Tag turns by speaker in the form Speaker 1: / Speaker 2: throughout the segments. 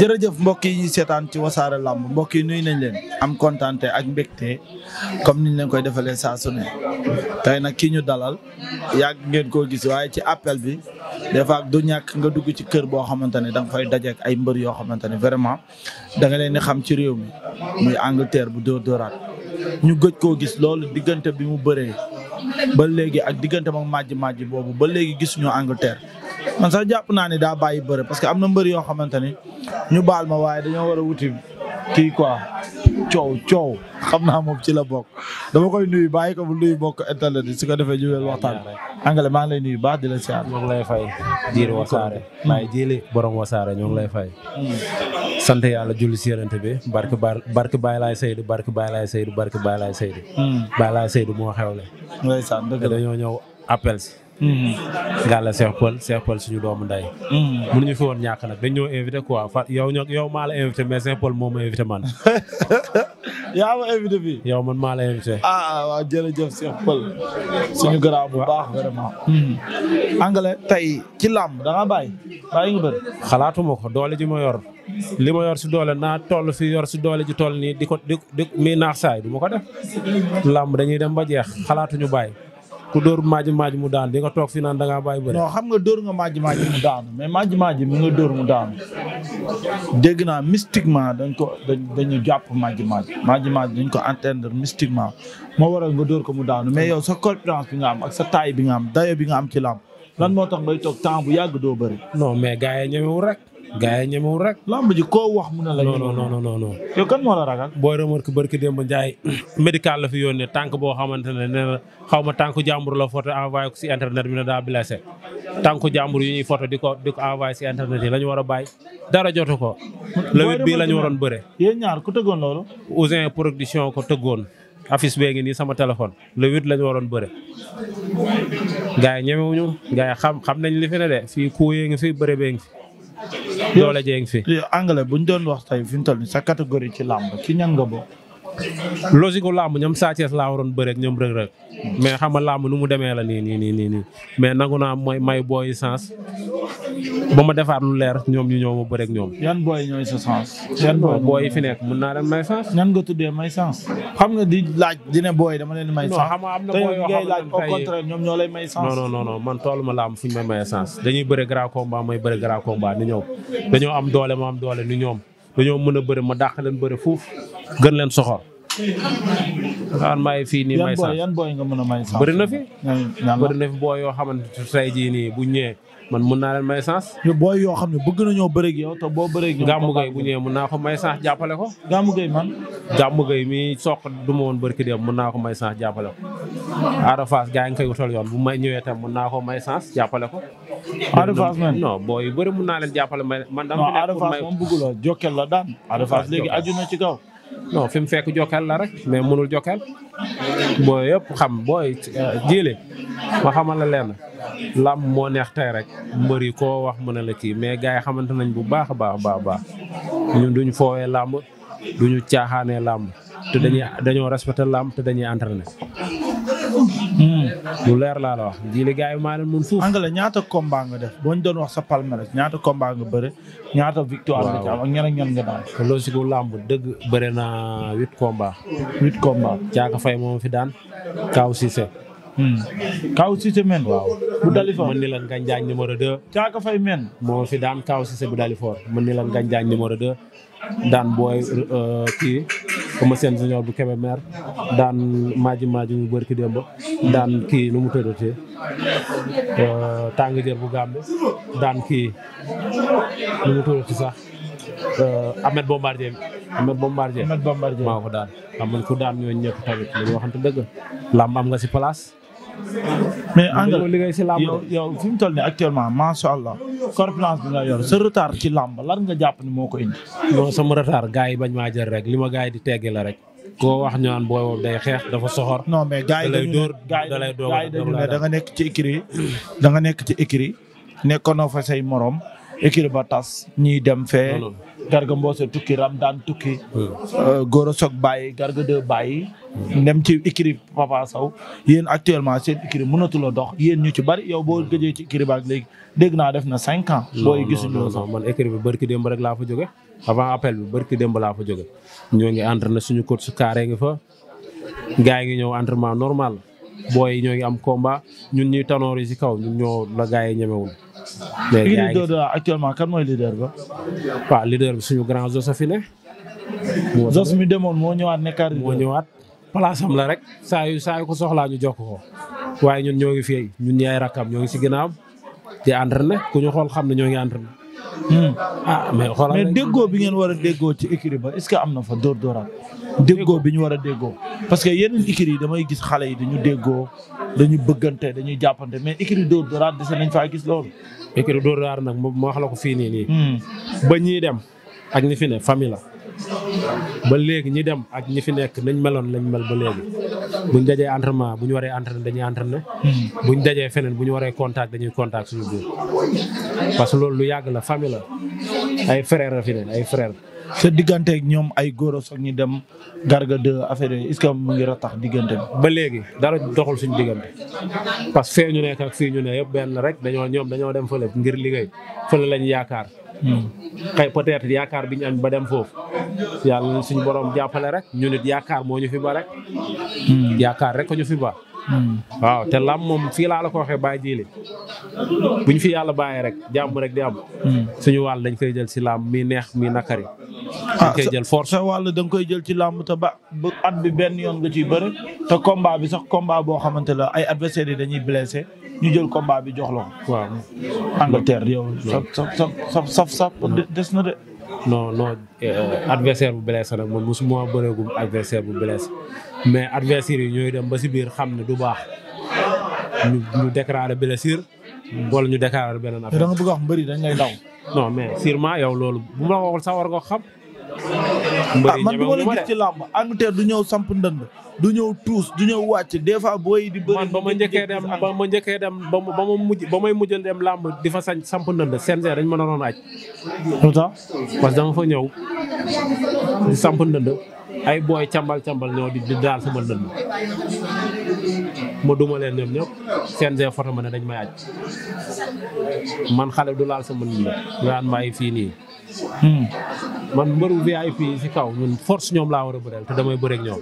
Speaker 1: jërëjëf mbokk yi ñuy seetaan ci wasaare làmb mbokk yi nuyu nañ leen am kontaante ak mbégte comme niñ leen koy defalee saa su ne tey nag kii ñu dalal yàgg ngeen koo gis waaye ci appel bi des fois du ñàkk nga dugg ci kër boo xamante ne da nga fay dajeek ay mbër yoo xamante ne vraiment da leen di xam ci réew mi muy Angleterre bu dóor dóoraat ñu gëj koo gis loolu diggante bi mu bëree ba léegi ak diggante moom màjj màjj boobu ba léegi gisuñu Angleterre man sax jàpp naa ne daa bàyyi bëre parce que am na mbër yoo xamante ni ñu baal ma waaye dañoo war a wuti kii quoi coow coow xam naa moom ci la bokk dama koy nuyu bàyyi ko bu nuyu bokk internet yi su ko defee jubeel waxtaan angale maa ngi lay nuyu baax di la siyaar ñoo ngi lay fay diir wasaare maay jili borom wasaare ñoo ngi lay fay hmm. sant yàlla julli si yonent bi barke barke Baay Laay Seydou barke Baay Laay Seydou barke Baay Laay Seydou hmm. Baay Laay Seydou moo xewle ndeysaan dëgg la dañoo ñëw appel si Mm-hmm. gàlla Cheikh Paul Cheikh Paul suñu doomu nday mm-hmm. ñu fi woon ñàkk nag dañ ñoo invité quoi fa yow yow maa la invité mais Cheikh Paul moo ma invité man yaa ma invité fii yow man maa la invité ah ah waaw jërëjëf Cheikh Paul suñu garaaw bu baax mm-hmm. anglais tey ci làmb da nga bàyyi bàyyi nga bëri xalaatuma ko doole ji ma yor li ma yor si doole naa toll fi yor si doole ji toll nii di ko di di mii naax saay du ma ko def làmb dañuy dem ba jeex xalaatuñu baay ku dóor maaji maaji mu daan di nga toog fii naan da ngaa bàyyi bëri. non nga dóor nga maaji maaji mu daan mais maaji maaji mu nga dóor mu daan dégg naa mystiquement dañ ko dañu jàpp maaji maaji maaji maaji dañ ko entendre mystiquement moo waral nga dóor ko mu daanu mais yow sa compétence bi nga am ak sa taay bi nga am dayo bi nga am ci làmb lan moo tax ngay toog temps bu yàgg doo bëri. non mais ñemewu rek. gaa yi ñemewul rek. lamb ji koo wax mu ne la. non non ragal. booy remarque barki démb Ndiaye médical la fi yónnee tànk boo xamante ne nee na xaw ma la foto envoyé si internet bi ne daa blessé tànku jàmbur yu ñuy foto di ko di ko envoyé si internet yi la war a bàyyi dara jotu ko. la huit bii la ñu waroon bëre. yéen ñaar ku tëggoon loolu. Ousin production ko tëggoon. affiche bee ngi nii sama téléphone le huit la ñu waroon bëre. gaa yi ñemewuñu gaa yi xam xam nañ li de fi bëre doole jéeg fi. anglais bu ñu doon wax tey fi mu sa catégorie ci làmb ci ñan nga logique gu làmb ñoom Sa Thiès laa waroon bëreeg ñoom Reug Reug mais xam nga làmb nu mu demee la nii nii nii nii mais nangu naa mooy may booy sens ba ma defaat lu leer ñoom ñu ñëw ma bëreeg ñoom. yan booy ñooy sa sens. yan yi fi nekk mën naa leen may sens. ñan nga tuddee may sens. xam nga di laaj dina booy dama leen may. sens non xam am na booy ñoom ñoo lay may sens. non man toolu ma làmb fu ñu may maye sens dañuy bëre grand combat may bëre grand combat ni ñoom dañoo am doole ma am doole ni ñoom dañoo mën a bëre ma dàq leen bëre fuuf gën leen soxor. waaw maa fi fii nii may sax yan booy nga mën a may sens. na fi booy yoo xam ne tey jii bu ñëwee man mun naa leen may sens. booy yoo xam ne bëgg nañoo bëri ak boo bëree ak yow. gàmmu gay bu ñëwee mun naa ko may sens jàppale ko. gàmmu gay man. gàmmu mi soq du ma woon bëri ki dem mun naa ko may sens jàppale ko. Ada Fass gaa ngi koy wutal yoon bu may ñëwee tam mun naa ko may sens jàppale ko. Ada Fass man non booy yu bëri mun naa leen jàppale man. dama fi nekk pour may non Ada Fass moom bëgguloo jokkeel la daan. Ada Fass léegi aju na ci non fi mu fekk jokkal la rek mais mënul jokkal booy yëpp xam booy euh, jiile ma xamal la leen làmb moo neex tey rek mbër yi ko wax mu a la kii mais gars yi xamante nañ bu baax a baax a baax ñun duñ foowee làmb duñu caaxaanee làmb te dañuy dañoo respecté làmb te dañuy entraîné Hmm. lu leer laa la wax jiili gars yi maa leen mën fuuf. Angale ñaata combat nga def boo ñu doon wax sa palmarès ñaata combat nga bëre ñaata victoire nga ci am si ko làmb dëgg bëre na wit combat. huit combat Caaka Fay moom fi daan Kaaw Cissé. Hmm. Kaw Cissé men. waaw bu Dalifor mën ni la Gandiagne numéro 2. Caaka Faye men. moo fi daan Kaw Cissé bu Dalifor mën ni la Gandiagne numéro 2. daan booy euh, kii Eumeu Sène junior bu Kébémer daan maaji maaji bu bërki démb daan kii nu mu tëddatee euh, jër bu Gàmbi daan kii nu mu tëddati sax euh, Ahmed Bombardier Ahmed Bombardier maa ko daan ku daan ñooñu ñëpp tamit li ñu waxante dëgg làmb am nga si place mais Engel yow yow fi mu toll nii actuellement macha allah corpulence bi nga yor sa retard ci làmb lan nga jàpp ni moo ko indi. non sama retard gars yi bañ maa jël rek li ma gars yi di teggi la rek. ko wax ñu naan booy boobu day xeex dafa soxor. non mais gars yi dañu ne da nga nekk ci écurie da nga nekk ci écurie no fa say moroom écurie ba tas ñiy dem fee garga mboose tukki ram daan tukki hmm. euh, góor a soog bàyyi garga de bàyyi hmm. dem ci écurie papa saw yéen actuellement seen écurie mënatula dox yéen ñu ci bari yow boo gëjee ci écurie ba ak léegi dégg naa def na cinq ans booy gisuñu la sax man écurie bi barki démb rek laa fa jóge avant appel bi barki démb laa fa jóge ñoo suñu coach su carré ngi fa gaay ngi ñëw entraînement normal booy ñoo ngi am combat ñun ñuy tanoor yi si kaw ñun ñoo la gaay yi ñemewul léegi yaa kan mooy leader ba. waaw leader bi suñu grand Zos a fi ne. Zos mi demoon moo ñëwaat nekkaat. moo ñëwaat place am la rek. saa saa ko soxlaa ñu jox ko waaye ñun ñoo ngi fi ñun ñaay rakkam ñoo ngi si ginnaaw di entraîné ku ñu xool xam ne ñoo ngi entraîné. Hmm. ah mais xoolal mais déggoo bi ngeen war a déggoo ci écurie ba est-ce que am na fa dóor dóoraat. déggoo bi ñu war a déggoo. parce que yeneen écurie yi damay gis xale yi dañu déggoo dañu bëggante dañuy jàppante mais écurie dóor dóoraat dese nañ faa gis loolu. écurie Dóor waar nag ma wax la ko fii nii nii. Hmm. ba ñii dem ak ñi fi ne famille la. ba léegi ñi dem ak ñi fi nekk nañ meloon lañ mel ba léegi buñ dajee entrement bu ñu waree entraîné dañuy entraîné. Hmm. buñ dajee feneen bu ñu waree contact dañuy contact suñu biir parce que loolu lu yàgg la famille la ay frère la fi ne ay frère. sa diggante ñoom ay góor soog ñu dem garga de affaire yooyu est-ce que mu ngi diggante ba léegi dara doxul suñu diggante parce que fee ñu nekk ak ñu ne yëpp benn rek dañoo ñoom dañoo dem fële ngir liggéey fële lañu yaakaar. Hmm. xëy peut-être yaakaar bi ba dem foofu yàlla suñu borom jàppale rek ñu nit yaakaar moo ñu fi ba rek. Hmm. yaakaar rek ko fi ba. Hmm. waaw te lam moom fii laa la ko waxee bàyyi jiile bu ñu fi yàlla bàyyee rek jàmb rek di am. Hmm. suñu wàll dañ koy jël si lam mi neex mi nakari. Ah, dañ jël force sa wàll da nga koy jël ci làmb te ba ba at bi benn yoon nga ci bëri te combat bi sax combat boo xamante la ay adversaires yi dañuy blessé ñu jël combat bi jox la ko. waaw Angleterre yow. sa sa sa sa sa des na de. non non eh, adversaire bu blessé nag man mosuma bëreegum adversaire bu blessé. mais adversaire yi ñooy dem ba si biir xam ne du baax ñu ñu déclaré blessure wala ñu déclaré beneen affaire. da nga bëgg a mbëri dañ lay daw. non mais sûrement yow loolu bu ma la waxul sax war nga xam. mbëri ah, man du ma la gis ci làmb Angleterre du ñëw samp ndënd du ñëw tuus du ñëw wàcc des fois booy di bëri. man ba ma njëkkee dem ba ma njëkkee dem ba ma ba ma mujj ba may mujjal dem làmb di fa sañ samp ndënd CNG dañ ma naroon aaj. lu tax parce que dama fa ñëw samp ay booy cambal càmbal ñoo di daal sama dënn ma duma leen ñoom ñëpp CNG foto ma ne dañ may aj man xale du laal sama dënn ngaan maay fii nii hmm. man mbëru VIP si kaw ñun force ñoom laa war a bëreel te damay bëreeg ñoom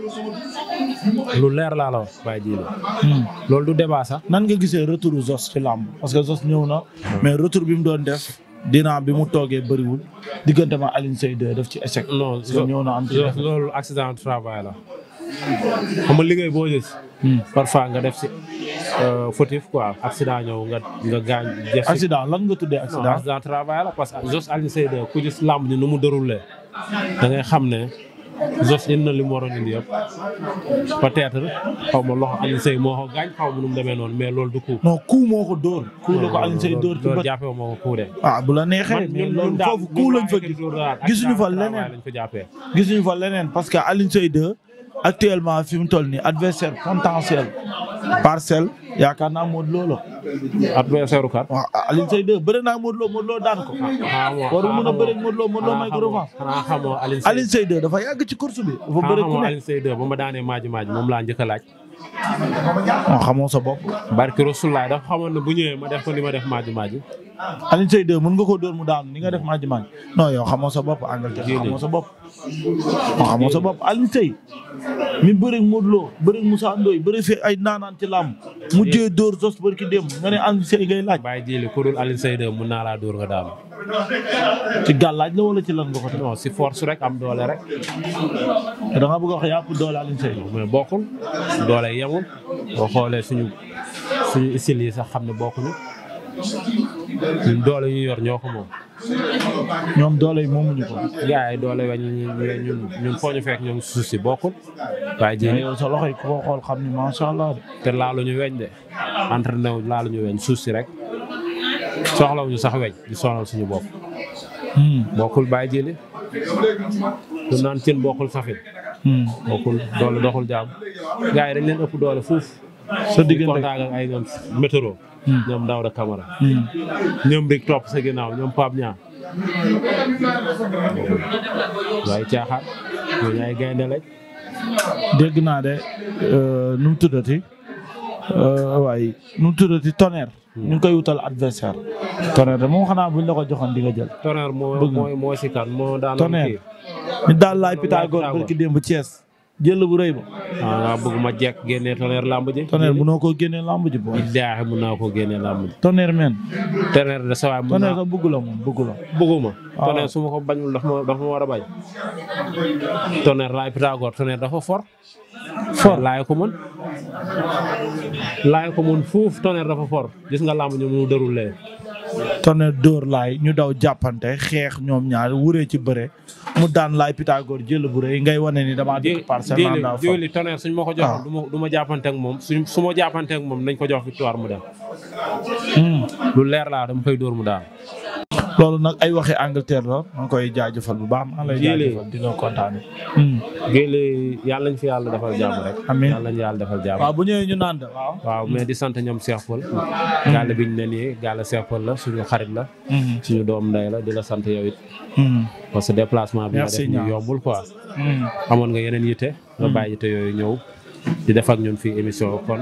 Speaker 1: lu leer laa la wax bàyyi ji la loolu du débat sax nan nga gisee retour Zos ci làmb parce que Zos ñëw na hmm. mais retour bi doon def dinaa bi mu toogee bëriwul diggante ma Alioune Seye 2 def ci échec. non ñëw loolu accident de travail la. xam liggéey boo gis. Hmm. parfois nga def si euh, fautif quoi accident ñëw nga nga gaañ. accident lan nga tuddee accident. accident de la parce que jos Alioune Seye 2 ku gis làmb ni nu mu déroulé da xam ne. Zoss indi na li mu waroon indi yëpp peut-être xaw ma loxo Alioune Seye moo ko gaañ xaw ma nu mu demee noonu mais loolu du coup. non coup moo ko dóor. coup la ko Alioune Seye dóor ci bët jàppee moo ko coup de. ah bu la neexee ñun gis ñu fa leneen gisuñu fa leneen parce que Alioune Seye actuellement fi mu toll nii adversaire potentiel parcelle. yaakaar naa Modou Lo la. adversaire u kan. waaw ah, naa Modou Lo daan ko. waru mën dafa yàgg ci course bi. dafa bëri ku ne Alioune Seye ma daanee maaji maaji moom laa njëkk a laaj. Ah, xamoo sa bopp. barki Rasulullah dafa xamoon ne bu ñëwee ma def ko ni ma def maaji maaji. Alioune Seye 2 mën nga ko dóor mu daanu ni nga def maa ji maa non yow xamoo sa bopp Angleterre xamoo sa bopp. xamoo sa bopp Alioune Seye mi bëri Modou Lo bëri Moussa ay naanaan ci làmb mu jëye dóor jos bëri ki dem ne Alioune Seye ngay laaj. bàyyi jiili ku dul Alioune Seye 2 mën naa laa dóor nga daanu. ci gàllaaj la wala ci lan nga ko non si force rek am doole rek. da nga bëgg a wax yàpp doole Alioune Seye. mais doole yemul boo xoolee suñu suñu style yi xam ne bokkuñu. ñun doole ñu yor ñoo ko moom. ñoom doole yi moomuñu ko. gars yi doole wañ ñun ñun foo ñu fekk ñoom suuf si bokkut. waaye jii yow sa ko xool xam ni macha allah. te laaluñu weñ de entraîné wu laaluñu weñ suuf si rek ñu sax weñ di sonal suñu bopp. Hmm. bokkul bàyyi jëli. du naan cin bokkul safin. Hmm. bokkul doole doxul jaam. gars yi dañ ëpp doole fuuf. sa diggante ak ay ñoom hmm. météo. Hmm. ñoom Daouda Camara. Hmm. ñoom rek topp sa ginnaaw ñoom Pape Niang. waaye caaxaan ñooñu ay gaynde lañ. dégg naa de euh, nu mu tuddati euh, waaye nu mu tuddati tonnerre. ñu ngi koy wutal adversaire. tonnerre de moom xanaa buñ la ko joxoon di jël. tonnerre moo si kan moo daan. tonnerre ñu daal laay Pythagore barki démb jël bu rëy ba. waaw ah, waaw bëgg ma jek génnee tonnerre làmb ji. tonnerre mënoo koo génnee làmb ji. booy daaxe mën naa koo génnee làmb ji. tonnerre men. tonnerre de sa waay mën naa tonnerre bëgg la bëgg la. ko bañul dafa ma dafa ma war a bañ. tonnerre laay Pythagore dafa for. for laay ko mën. laay ko mën fuuf dafa for gis nga làmb ñu mu déroulé. tane dóor laay ñu daw jàppante xeex ñoom ñaar wuree ci bëre mu daan laay Pythagore jël bu rëy ngay wane ni damaa dëkk parcelle man daa fa jëli ma ko joxoon ah. du ma du ma jàppante ak moom suñ su ma jàppante ak moom nañ ko jox victoire mu dem hmm. lu leer laa dama koy dóor mu daan loolu nag ay waxi Angleterre la ma ngi koy jaajëfal bu baax maa ngi lay jaajëfal dina kontaane. Hmm. Hmm. Géle yàlla ñu fi yàlla defal jàmm rek. amiin yàlla ñu yàlla defal jàmm. waaw bu ñëwee ñu naan waaw. waaw mais di sant ñoom Cheikh Paul. Hmm. gaal bi ñu ne nii gaal Cheikh Paul la suñu xarit la. suñu doom ndey la di la sant yow it. parce que déplacement bi nga def ñu yombul quoi. amoon nga yeneen yitte. nga bàyyi yitte yooyu ñëw. di def ak ñun fi émission kon.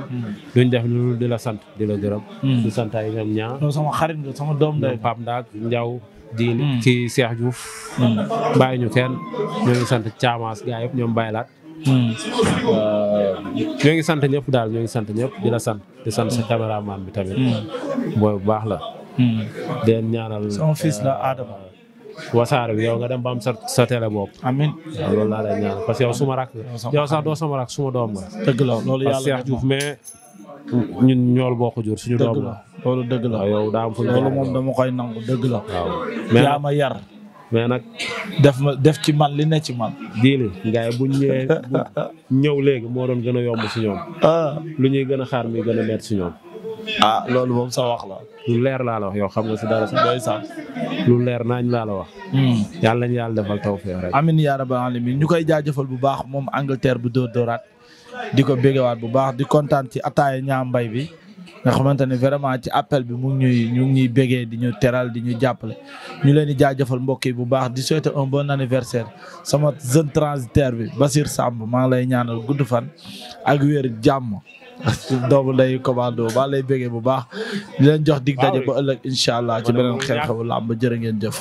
Speaker 1: duñ def lu di la sant di la gërëm. Hmm. di sant ay ñoom ñaar. sama xarit nga sama doom day Pape Ndak Ndiaw. diin hmm. ci Cheikh Diouf. Hmm. bàyyi ñu kenn ñoo ngi sant Thiamas gaa yëpp ñoom bàyyi laat. Euh, ñoo ngi sant daal ñoo sant ñëpp di la sant. sa caméraman bi tamit. booy baax la. di ñaanal sama fils la Adama. wasaare bi yow nga dem ba am sa sa télé bopp. amiin waaw loolu laa lay ñaan parce que yow suma rakk yow sax doo sama rakk suma doom la. dëgg la loolu suñu doom la. dëgg la waaw yow daa am fu ñu loolu moom dama koy nangu yaa ma yar. mais nag def ma def ci man li ne ci man. diili gars bu ñëw léegi moo doon gën a yomb si ñoom. Ah. lu ñuy gën a xaar muy gën a metti si ñoom. ah loolu moom sa wax la lu leer laal wax yow xam nga si dara si doy sax lu leer naañ laa la wax hmm. yàlla nañu yàlla defal tawfeex rek amin yaa rabbal alamin ñu koy jaajëfal bu baax moom Angleterre bu dóor doraat di ko bégewaat bu baax di kontaan ci ataaya ñaambay bi nga xamante ne vraiment ci appel bi mu ñuy ñu ñuy bégee di ñu teral di ñu jàppale ñu leen di jaajëfal mbokk bu baax di souhaiter un bon anniversaire sama jeune transitaire bi Basir Samb maa lay ñaanal gudd fan ak wér jàmm doomu ndeyu commando maa lay bégee bu baax di jox dig daje ba ëllëg incha allah ci beneen xew-xewu làmb jërë ngeen jëf.